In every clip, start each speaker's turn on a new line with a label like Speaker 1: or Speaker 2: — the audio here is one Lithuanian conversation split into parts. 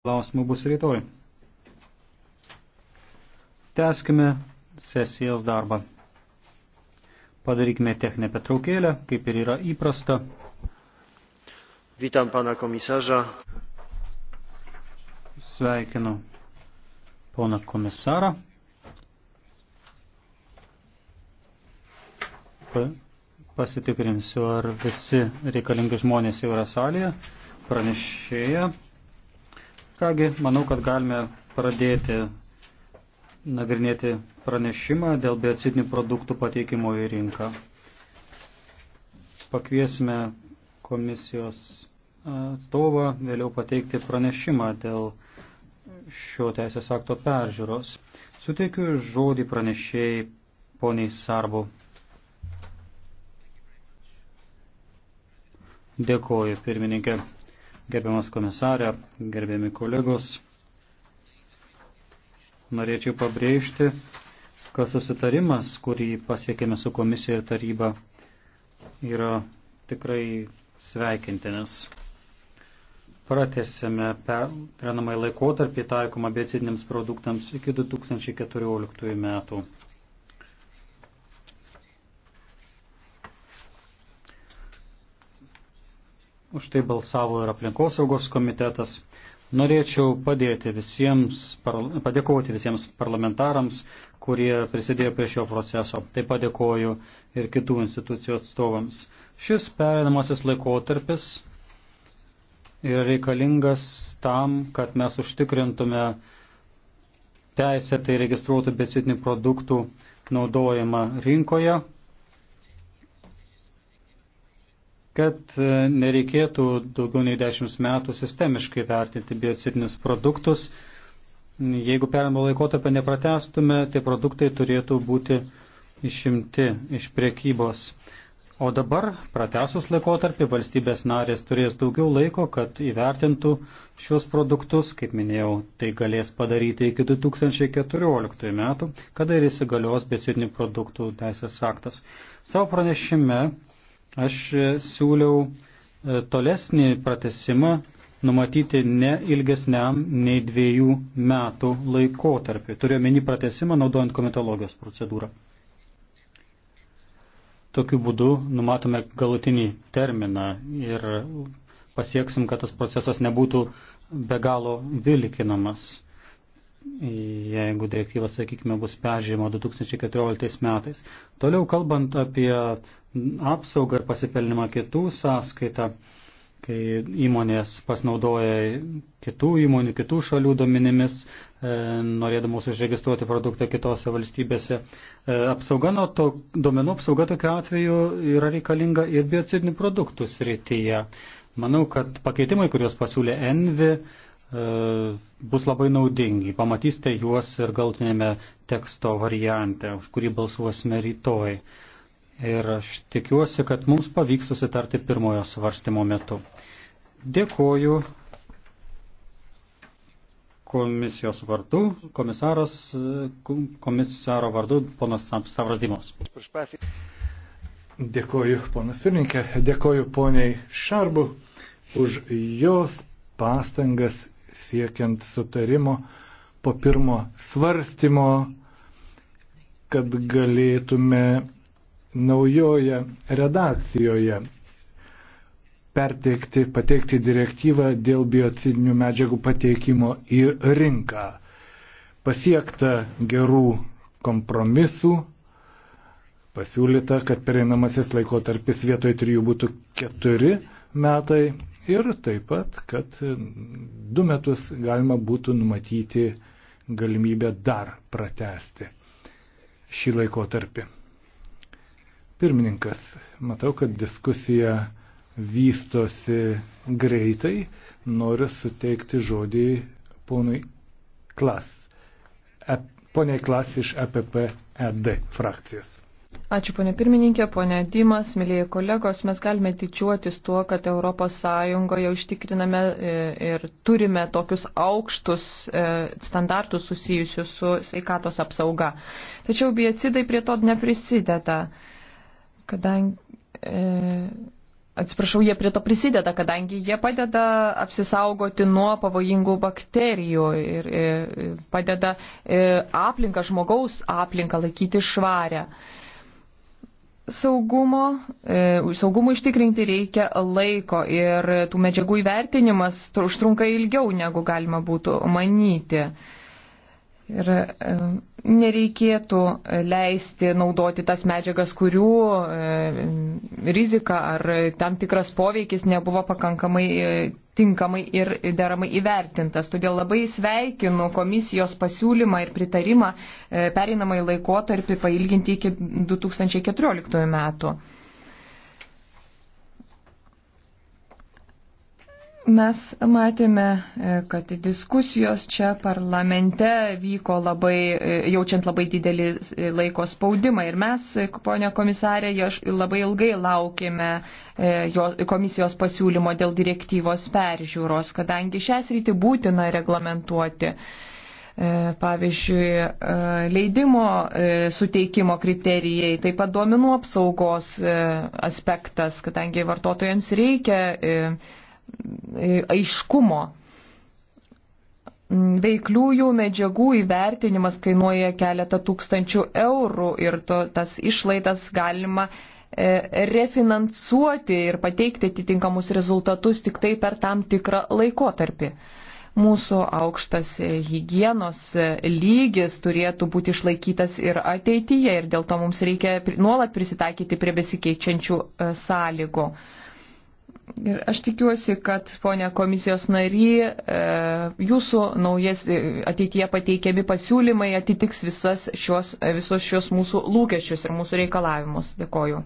Speaker 1: klausimų bus rytoj. Teskime sesijos darbą. Padarykime techninę petraukėlę, kaip ir yra įprasta. Witam pana komisarza. Sveikinu pana komisarą. Pasitikrinsiu, ar visi reikalingi žmonės jau yra salėje. Pranešėja. Kągi, manau, kad galime pradėti nagrinėti pranešimą dėl biocidinių produktų pateikimo į rinką. Pakviesime komisijos atstovą vėliau pateikti pranešimą dėl šio teisės akto peržiūros. Suteikiu žodį pranešėjai poniai Sarbu. Dėkoju, pirmininkė gerbiamas komisarė, gerbiami kolegos. Norėčiau pabrėžti, kad susitarimas, kurį pasiekėme su komisija ir taryba, yra tikrai sveikintinas. Pratėsime perinamai laikotarpį taikomą biocidiniams produktams iki 2014 metų. už tai balsavo ir aplinkosaugos komitetas. Norėčiau padėti visiems, padėkoti visiems parlamentarams, kurie prisidėjo prie šio proceso. Taip padėkoju ir kitų institucijų atstovams. Šis perinamasis laikotarpis yra reikalingas tam, kad mes užtikrintume teisę tai registruotų becitinių produktų naudojimą rinkoje, kad e, nereikėtų daugiau nei dešimt metų sistemiškai vertinti biocidinius produktus. Jeigu perimo laikotarpio nepratestume, tai produktai turėtų būti išimti iš priekybos. O dabar, pratesus laikotarpį, valstybės narės turės daugiau laiko, kad įvertintų šios produktus, kaip minėjau, tai galės padaryti iki 2014 metų, kada ir įsigalios biocidinių produktų teisės aktas. Savo pranešime Aš e, siūliau e, tolesnį pratesimą numatyti ne ilgesniam nei dviejų metų laikotarpį. Turiu meni pratesimą naudojant komitologijos procedūrą. Tokiu būdu numatome galutinį terminą ir pasieksim, kad tas procesas nebūtų be galo vilkinamas jeigu direktyva, sakykime, bus peržiūrima 2014 metais. Toliau kalbant apie apsaugą ir pasipelnimą kitų sąskaitą, kai įmonės pasinaudoja kitų įmonių, kitų šalių domenimis, e, norėdamos užregistruoti produktą kitose valstybėse. E, apsauga nuo to, domenų apsauga tokiu atveju yra reikalinga ir biocidinių produktų srityje. Manau, kad pakeitimai, kuriuos pasiūlė Envi, e, E, bus labai naudingi. Pamatysite juos ir galtinėme teksto variante, už kurį balsuosime rytoj. Ir aš tikiuosi, kad mums pavyks susitarti pirmojo svarstymo metu. Dėkoju komisijos vardu, komisaras, komisaro vardu, ponas Stavras Dimos.
Speaker 2: Dėkoju, ponas Pirmininkė, dėkoju poniai Šarbu už jos pastangas siekiant sutarimo po pirmo svarstymo, kad galėtume naujoje redakcijoje perteikti, pateikti direktyvą dėl biocidinių medžiagų pateikimo į rinką. Pasiekta gerų kompromisų, pasiūlyta, kad pereinamasis laikotarpis vietoj trijų būtų keturi metai, ir taip pat, kad du metus galima būtų numatyti galimybę dar pratesti šį laikotarpį. Pirmininkas, matau, kad diskusija vystosi greitai, noriu suteikti žodį ponui Klas. E, poniai Klas iš EPP ED frakcijos.
Speaker 3: Ačiū, ponė pirmininkė, ponė Dimas, mėlyje kolegos, mes galime didžiuotis tuo, kad ES užtikriname e, ir turime tokius aukštus e, standartus susijusius su sveikatos apsauga. Tačiau biocidai prie to neprisideda, kadangi. E, atsiprašau, jie prie to prisideda, kadangi jie padeda apsisaugoti nuo pavojingų bakterijų ir, ir e, padeda aplinką, žmogaus aplinką laikyti švarę. E, saugumo, e, saugumų užtikrinti reikia laiko ir tų medžiagų įvertinimas užtrunka ilgiau, negu galima būtų manyti. Ir e, nereikėtų leisti naudoti tas medžiagas, kurių e, rizika ar tam tikras poveikis nebuvo pakankamai tinkamai ir deramai įvertintas. Todėl labai sveikinu komisijos pasiūlymą ir pritarimą e, pereinamai laikotarpį pailginti iki 2014 metų. Mes matėme, e, kad diskusijos čia parlamente vyko labai, e, jaučiant labai didelį e, laiko spaudimą. Ir mes, ponia komisarė, labai ilgai laukėme komisijos pasiūlymo dėl direktyvos peržiūros, kadangi šią sritį būtina reglamentuoti. Pavyzdžiui, leidimo suteikimo kriterijai, taip pat duomenų apsaugos aspektas, kadangi vartotojams reikia aiškumo. Veikliųjų medžiagų įvertinimas kainuoja keletą tūkstančių eurų ir to, tas išlaidas galima e, refinansuoti ir pateikti atitinkamus rezultatus tik tai per tam tikrą laikotarpį mūsų aukštas hygienos lygis turėtų būti išlaikytas ir ateityje ir dėl to mums reikia nuolat prisitaikyti prie besikeičiančių e, sąlygų. Ir aš tikiuosi, kad, ponė komisijos nary, e, jūsų naujas e, ateityje pateikiami pasiūlymai atitiks visas šios, e, visos šios mūsų lūkesčius ir mūsų reikalavimus. Dėkoju.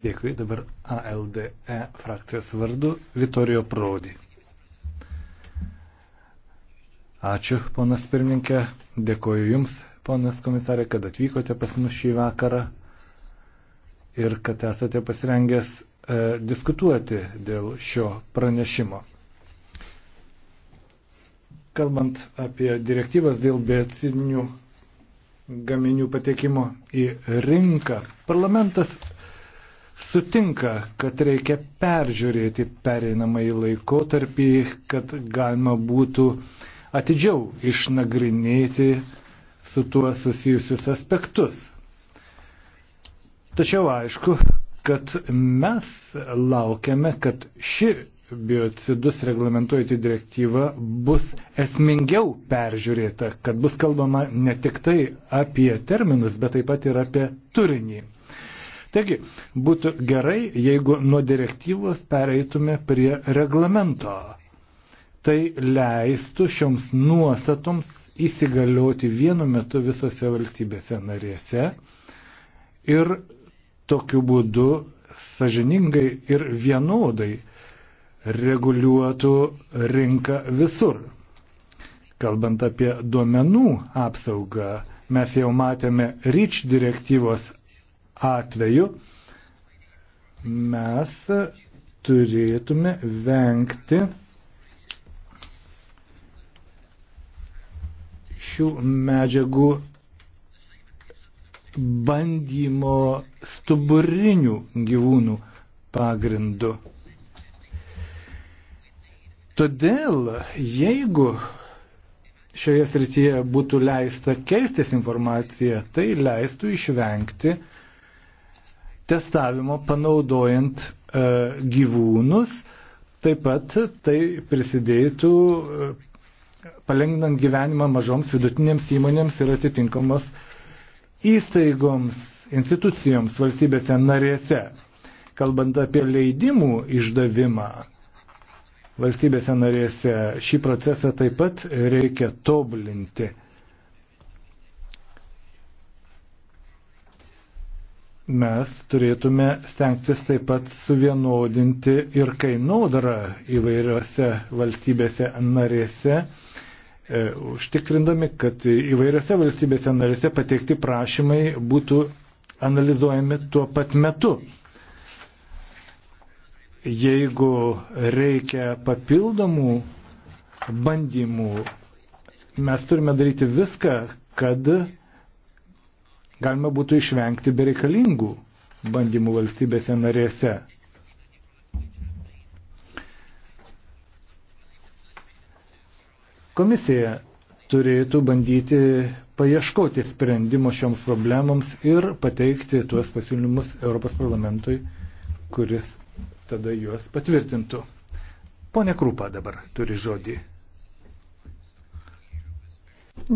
Speaker 2: Dėkui. Dabar ALDE frakcijos vardu Vitorijo Prodi. Ačiū, ponas pirmininkė. Dėkoju Jums, ponas komisarė, kad atvykote pas mus šį vakarą ir kad esate pasirengęs e, diskutuoti dėl šio pranešimo. Kalbant apie direktyvas dėl biocidinių gaminių patekimo į rinką, parlamentas sutinka, kad reikia peržiūrėti pereinamąjį laikotarpį, kad galima būtų atidžiau išnagrinėti su tuo susijusius aspektus. Tačiau aišku, kad mes laukiame, kad ši biocidus reglamentuojanti direktyva bus esmingiau peržiūrėta, kad bus kalbama ne tik tai apie terminus, bet taip pat ir apie turinį. Taigi, būtų gerai, jeigu nuo direktyvos pereitume prie reglamento. Tai leistų šioms nuostatoms įsigalioti vienu metu visose valstybėse narėse ir tokiu būdu sažiningai ir vienodai reguliuotų rinką visur. Kalbant apie duomenų apsaugą, mes jau matėme REACH direktyvos atveju, mes turėtume vengti šių medžiagų bandymo stuburinių gyvūnų pagrindu. Todėl, jeigu šioje srityje būtų leista keistis informacija, tai leistų išvengti testavimo panaudojant e, gyvūnus, taip pat tai prisidėtų e, palengvinant gyvenimą mažoms vidutinėms įmonėms ir atitinkamos e, įstaigoms, institucijoms valstybėse narėse. Kalbant apie leidimų išdavimą valstybėse narėse, šį procesą taip pat reikia tobulinti. mes turėtume stengtis taip pat suvienodinti ir kainodarą įvairiose valstybėse narėse, E, užtikrindami, kad įvairiose valstybėse narėse pateikti prašymai būtų analizuojami tuo pat metu. Jeigu reikia papildomų bandymų, mes turime daryti viską, kad galima būtų išvengti bereikalingų bandymų valstybėse narėse. Komisija turėtų bandyti paieškoti sprendimo šioms problemams ir pateikti tuos pasiūlymus Europos parlamentui, kuris tada juos patvirtintų. Pone Krūpa dabar turi žodį.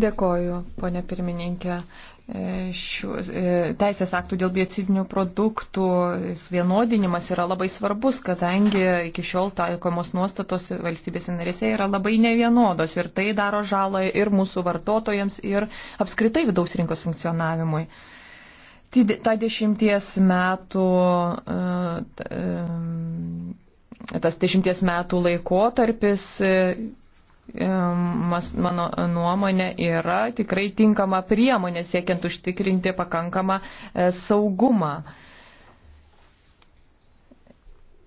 Speaker 3: Dėkoju, ponė pirmininkė. E, šių e, teisės aktų dėl biocidinių produktų vienodinimas yra labai svarbus, kadangi iki šiol taikomos nuostatos valstybėse narėse yra labai nevienodos ir tai daro žalą ir mūsų vartotojams, ir apskritai vidaus rinkos funkcionavimui. Ta dešimties metų. E, tas dešimties metų laikotarpis mano nuomonė, yra tikrai tinkama priemonė siekiant užtikrinti pakankamą e, saugumą.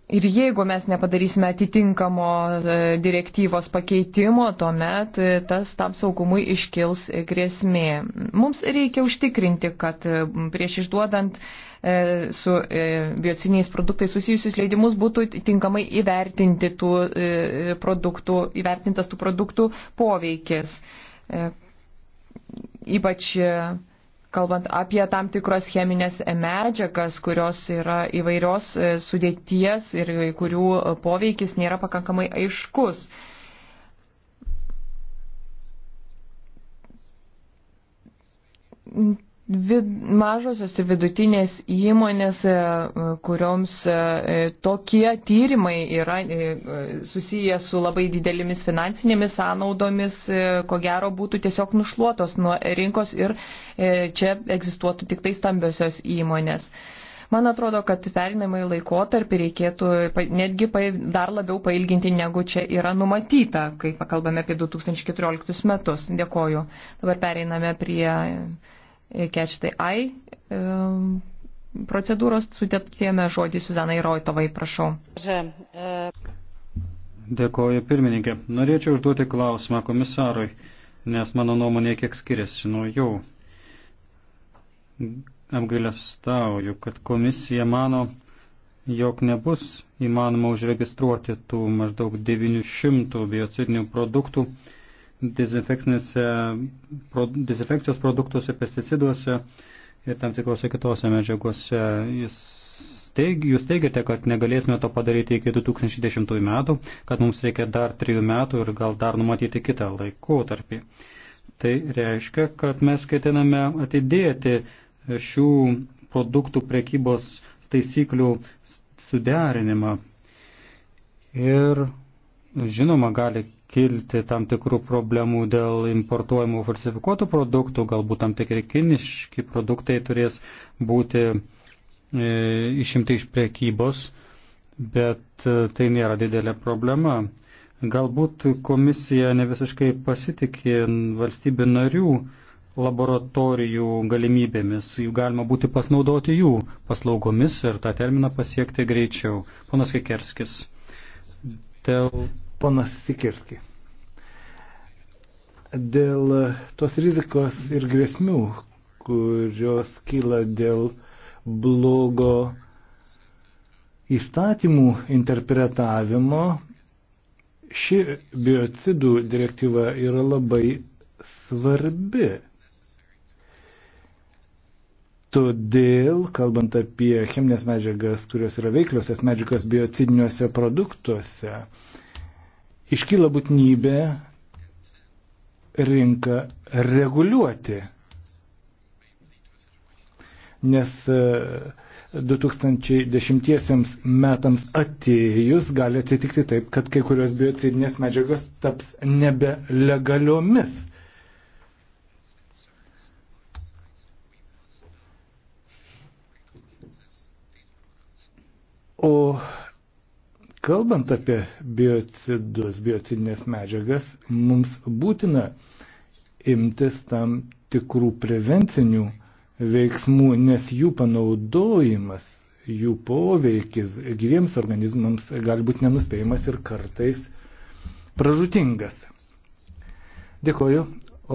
Speaker 3: Ir jeigu mes nepadarysime atitinkamo e, direktyvos pakeitimo, tuomet e, tas tam saugumui iškils grėsmė. Mums reikia užtikrinti, kad prieš išduodant uh, E, su e, biociniais produktais susijusius leidimus būtų tinkamai įvertinti tų e, produktų, įvertintas tų produktų poveikis. Ypač kalbant apie tam tikras cheminės medžiagas, kurios yra įvairios sudėties ir kurių poveikis nėra pakankamai aiškus vid, mažosios ir vidutinės įmonės, e, kurioms e, e, tokie tyrimai yra susiję su labai didelėmis finansinėmis sąnaudomis, ko gero būtų tiesiog nušluotos nuo rinkos ir čia egzistuotų tik tai stambiosios įmonės. Man atrodo, kad perinamai laikotarpį reikėtų netgi dar labiau pailginti, negu čia yra numatyta, kai pakalbame apie 2014 metus. Dėkoju. Dabar pereiname prie E, catch the Eye e, procedūros. Sutėtėme žodį Suzanai Roitovai, prašau.
Speaker 1: E, Dėkoju pirmininkė. Norėčiau užduoti klausimą komisarui, nes mano nuomonė kiek skiriasi nuo jų. Apgailestauju, kad komisija mano, jog nebus įmanoma užregistruoti tų maždaug 900 biocidinių produktų, dezinfekcijos produktuose, pesticiduose ir tam tikrose kitose medžiagose. Jis teig, jūs teigiate, kad negalėsime to padaryti iki 2010 metų, kad mums reikia dar trijų metų ir gal dar numatyti kitą laikotarpį. Tai reiškia, kad mes ketiname atidėti šių produktų prekybos taisyklių suderinimą. Ir žinoma, gali kilti tam tikrų problemų dėl importuojamų falsifikuotų produktų, galbūt tam tikri kiniški produktai turės būti e, išimti iš priekybos, bet e, tai nėra didelė problema. Galbūt komisija ne visiškai pasitikė valstybių narių laboratorijų galimybėmis, jų galima būti pasinaudoti jų paslaugomis ir tą terminą pasiekti greičiau. Ponas Kekerskis. Dėl...
Speaker 2: Ponas Sikirski dėl tos rizikos ir grėsmių, kurios kyla dėl blogo įstatymų interpretavimo, ši biocidų direktyva yra labai svarbi. Todėl, kalbant apie cheminės medžiagas, kurios yra veikliosios medžiagas biocidiniuose produktuose, iškyla būtinybė rinką reguliuoti. Nes 2010 e, metams atėjus gali atsitikti taip, kad kai kurios biocidinės medžiagos taps nebelegaliomis. O Kalbant apie biocidus, biocidinės medžiagas, mums būtina imtis tam tikrų prevencinių veiksmų, nes jų panaudojimas, jų poveikis gyviems organizmams gali būti nenuspėjimas ir kartais pražutingas. Dėkoju,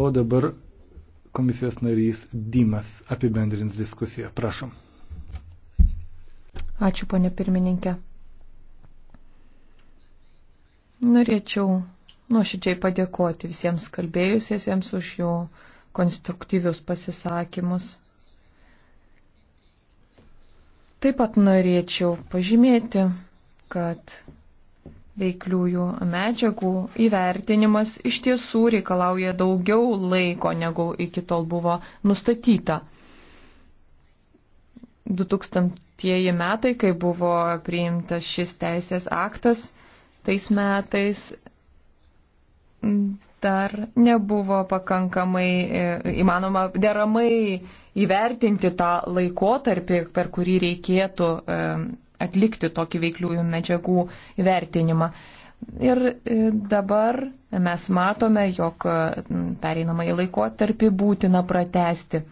Speaker 2: o dabar komisijos narys Dimas apibendrins diskusiją. Prašom.
Speaker 3: Ačiū, ponė pirmininkė. Norėčiau nuoširdžiai padėkoti visiems kalbėjusiesiems už jų konstruktyvius pasisakymus. Taip pat norėčiau pažymėti, kad veikliųjų medžiagų įvertinimas iš tiesų reikalauja daugiau laiko, negu iki tol buvo nustatyta. 2000 metai, kai buvo priimtas šis teisės aktas, tais metais dar nebuvo pakankamai e, įmanoma deramai įvertinti tą laikotarpį, per kurį reikėtų e, atlikti tokį veikliųjų medžiagų įvertinimą. Ir e, dabar mes matome, jog pereinamąjį laikotarpį būtina pratesti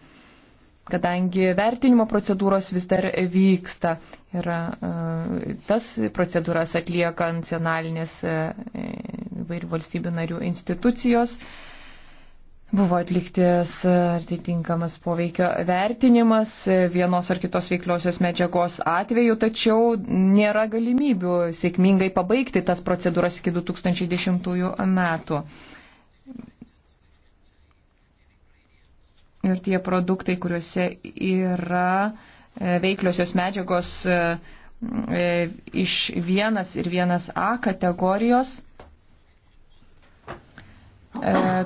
Speaker 3: kadangi vertinimo procedūros vis dar vyksta ir e, tas procedūras atlieka nacionalinės e, vairių valstybių narių institucijos. Buvo atliktas atitinkamas poveikio vertinimas e, vienos ar kitos veikliosios medžiagos atveju, tačiau nėra galimybių sėkmingai pabaigti tas procedūras iki 2010 metų. ir tie produktai, kuriuose yra e, veikliosios medžiagos e, e, iš vienas ir vienas A kategorijos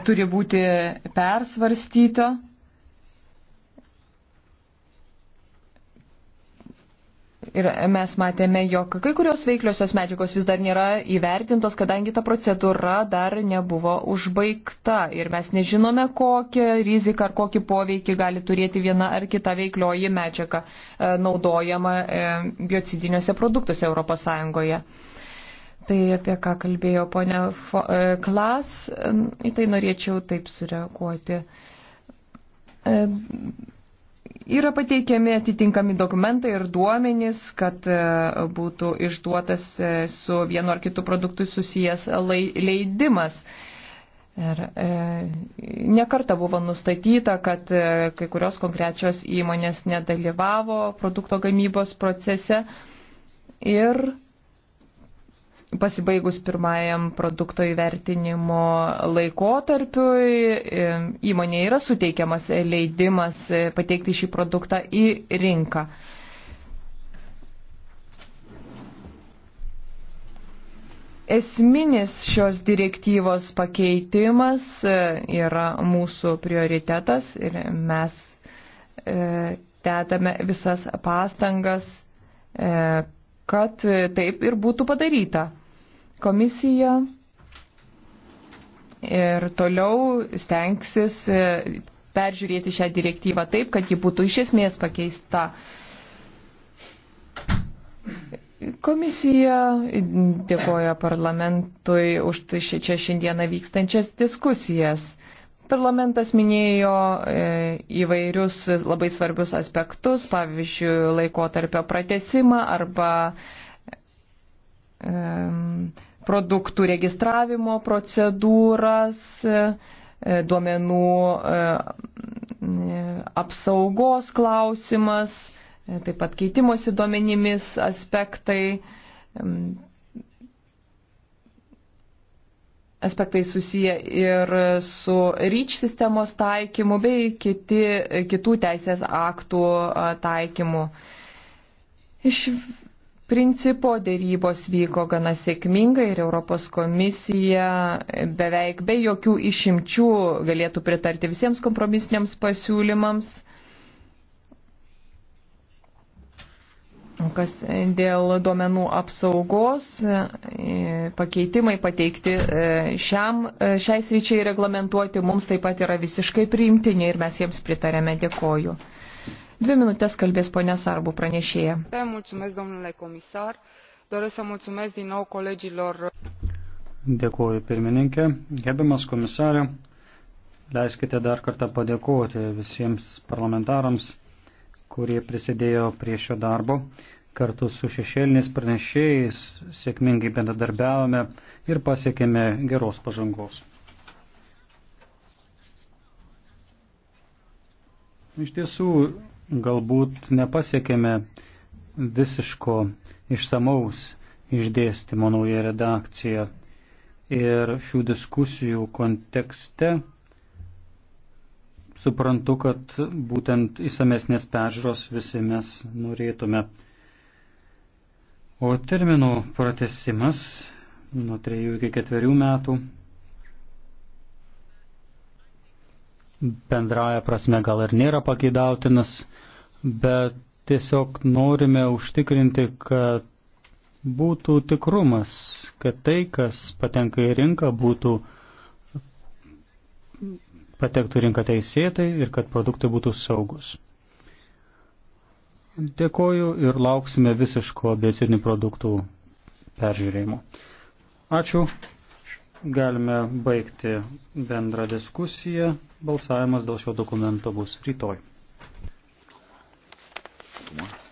Speaker 3: turi būti persvarstyta Ir mes matėme, jog kai kurios veikliosios medžiagos vis dar nėra įvertintos, kadangi ta procedūra dar nebuvo užbaigta. Ir mes nežinome, kokią riziką ar kokį poveikį gali turėti viena ar kita veiklioji medžiaga e, naudojama e, biocidiniuose produktuose ES. Tai apie ką kalbėjo ponia e, Klas, į tai norėčiau taip sureaguoti yra pateikiami atitinkami dokumentai ir duomenys, kad e, būtų išduotas e, su vienu ar kitu produktu susijęs leidimas. Ir e, nekarta buvo nustatyta, kad e, kai kurios konkrečios įmonės nedalyvavo produkto gamybos procese ir pasibaigus pirmajam produkto įvertinimo laikotarpiui e, įmonė yra suteikiamas leidimas e, pateikti šį produktą į rinką. Esminis šios direktyvos pakeitimas e, yra mūsų prioritetas ir mes dedame visas pastangas, kad taip ir būtų padaryta. Komisija ir toliau stengsis e, peržiūrėti šią direktyvą taip, kad ji būtų iš esmės pakeista. Komisija dėkoja parlamentui už tai čia šiandieną vykstančias diskusijas. Parlamentas minėjo e, įvairius labai svarbius aspektus, pavyzdžiui, laikotarpio pratesimą arba produktų registravimo procedūras, e, duomenų e, apsaugos klausimas, e, taip pat keitimosi duomenimis aspektai, aspektai susiję ir su ryč sistemos taikymu bei kiti, kitų teisės aktų taikymu. Iš principo dėrybos vyko gana sėkmingai ir Europos komisija beveik be jokių išimčių galėtų pritarti visiems kompromisiniams pasiūlymams. Kas dėl duomenų apsaugos e, pakeitimai pateikti e, šiam, e, šiai sryčiai reglamentuoti mums taip pat yra visiškai priimtini ir mes jiems pritarėme. Dėkoju. Dvi minutės kalbės ponė Sarbų pranešėja. Mulțumesc, domnule komisar. Doresc să mulțumesc din nou colegilor.
Speaker 1: Dėkuoju pirmininkė. Gerbiamas komisarė, leiskite dar kartą padėkoti visiems parlamentarams, kurie prisidėjo prie šio darbo. Kartu su šešėliniais pranešėjais sėkmingai bendradarbiavome ir pasiekėme geros pažangos. Iš tiesų, galbūt nepasiekėme visiško išsamaus išdėstymo nauja redakcija. Ir šių diskusijų kontekste suprantu, kad būtent įsamesnės peržiūros visi mes norėtume. O terminų pratesimas nuo 3 iki 4 metų bendraja prasme gal ir nėra pageidautinas, bet tiesiog norime užtikrinti, kad būtų tikrumas, kad tai, kas patenka į rinką, būtų patektų rinką teisėtai ir kad produktai būtų saugus. Dėkoju ir lauksime visiško biocidinių produktų peržiūrėjimo. Ačiū. Galime baigti bendrą diskusiją. Balsavimas dėl šio dokumento bus rytoj.
Speaker 2: Come on.